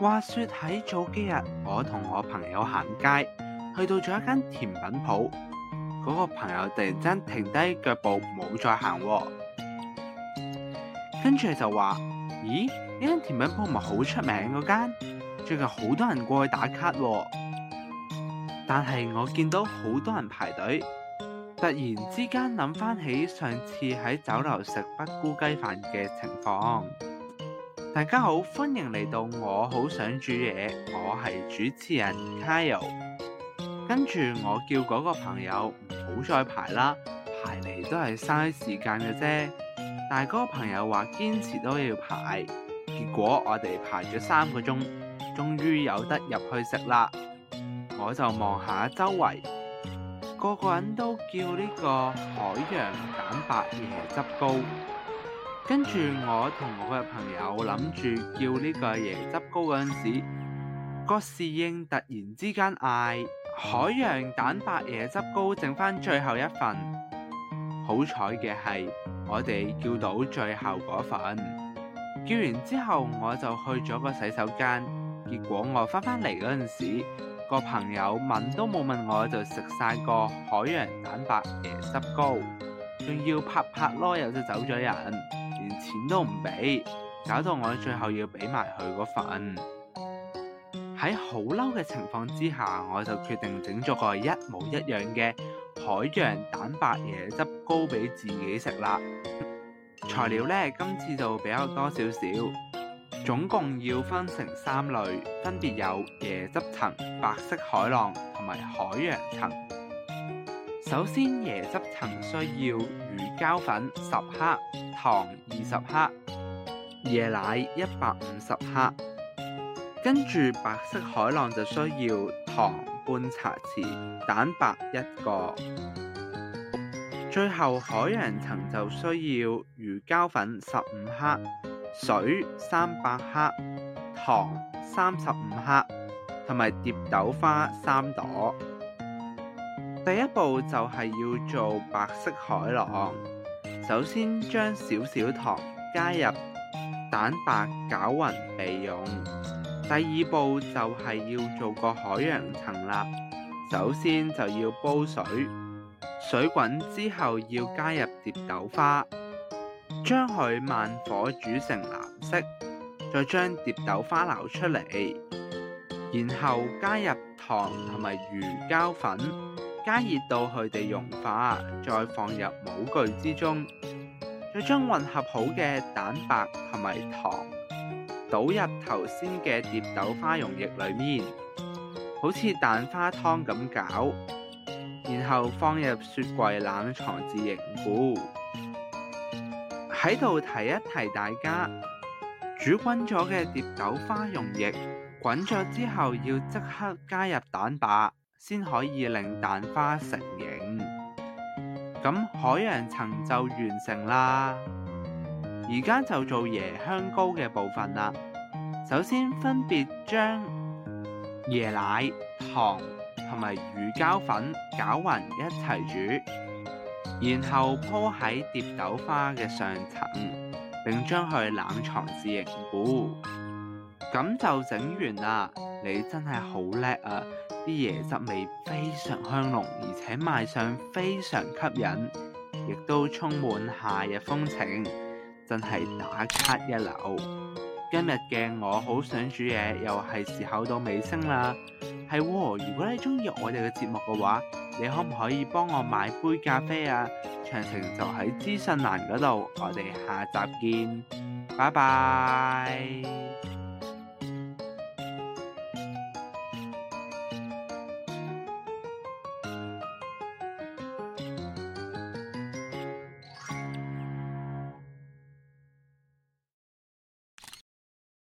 話說喺早幾日，我同我朋友行街，去到咗一間甜品鋪，嗰個朋友突然間停低腳步，冇再行喎，跟住就話：咦，呢間甜品鋪唔係好出名嗰間，最近好多人過去打卡喎，但係我見到好多人排隊，突然之間諗翻起上次喺酒樓食北菇雞飯嘅情況。大家好，歡迎嚟到我好想煮嘢，我係主持人 Kyle。跟住我叫嗰個朋友唔好再排啦，排嚟都係嘥時間嘅啫。但係嗰個朋友話堅持都要排，結果我哋排咗三個鐘，終於有得入去食啦。我就望下周圍，個個人都叫呢個海洋蛋白椰汁糕。跟住我同我嘅朋友諗住叫呢個椰汁糕嗰陣時，個侍應突然之間嗌海洋蛋白椰汁糕，剩翻最後一份。好彩嘅係我哋叫到最後嗰份。叫完之後我就去咗個洗手間，結果我返返嚟嗰陣時，個朋友問都冇問我就食晒個海洋蛋白椰汁糕，仲要拍拍囉柚就走咗人。連錢都唔俾，搞到我最後要俾埋佢嗰份。喺好嬲嘅情況之下，我就決定整咗個一模一樣嘅海洋蛋白椰汁糕俾自己食啦。材料呢，今次就比較多少少，總共要分成三類，分別有椰汁層、白色海浪同埋海洋層。首先，椰汁層需要魚膠粉十克、糖二十克、椰奶一百五十克。跟住白色海浪就需要糖半茶匙、蛋白一個。最後海洋層就需要魚膠粉十五克、水三百克、糖三十五克，同埋蝶豆花三朵。第一步就係要做白色海浪，首先將少少糖加入蛋白攪勻備用。第二步就係要做個海洋層啦，首先就要煲水，水滾之後要加入蝶豆花，將佢慢火煮成藍色，再將蝶豆花撈出嚟，然後加入糖同埋魚膠粉。加熱到佢哋融化，再放入模具之中，再將混合好嘅蛋白同埋糖倒入頭先嘅蝶豆花溶液裏面，好似蛋花湯咁攪，然後放入雪櫃冷藏至凝固。喺度提一提大家，煮滾咗嘅蝶豆花溶液滾咗之後，要即刻加入蛋白。先可以令蛋花成形，咁海洋層就完成啦。而家就做椰香糕嘅部分啦。首先分別將椰奶、糖同埋魚膠粉攪勻一齊煮，然後鋪喺蝶豆花嘅上層，並將佢冷藏至凝固。咁就整完啦！你真係好叻啊！啲椰汁味非常香濃，而且賣相非常吸引，亦都充滿夏日風情，真係打卡一流。今日嘅我好想煮嘢，又係時候到尾聲啦。係喎，如果你鍾意我哋嘅節目嘅話，你可唔可以幫我買杯咖啡啊？詳情就喺資訊欄嗰度。我哋下集見，拜拜。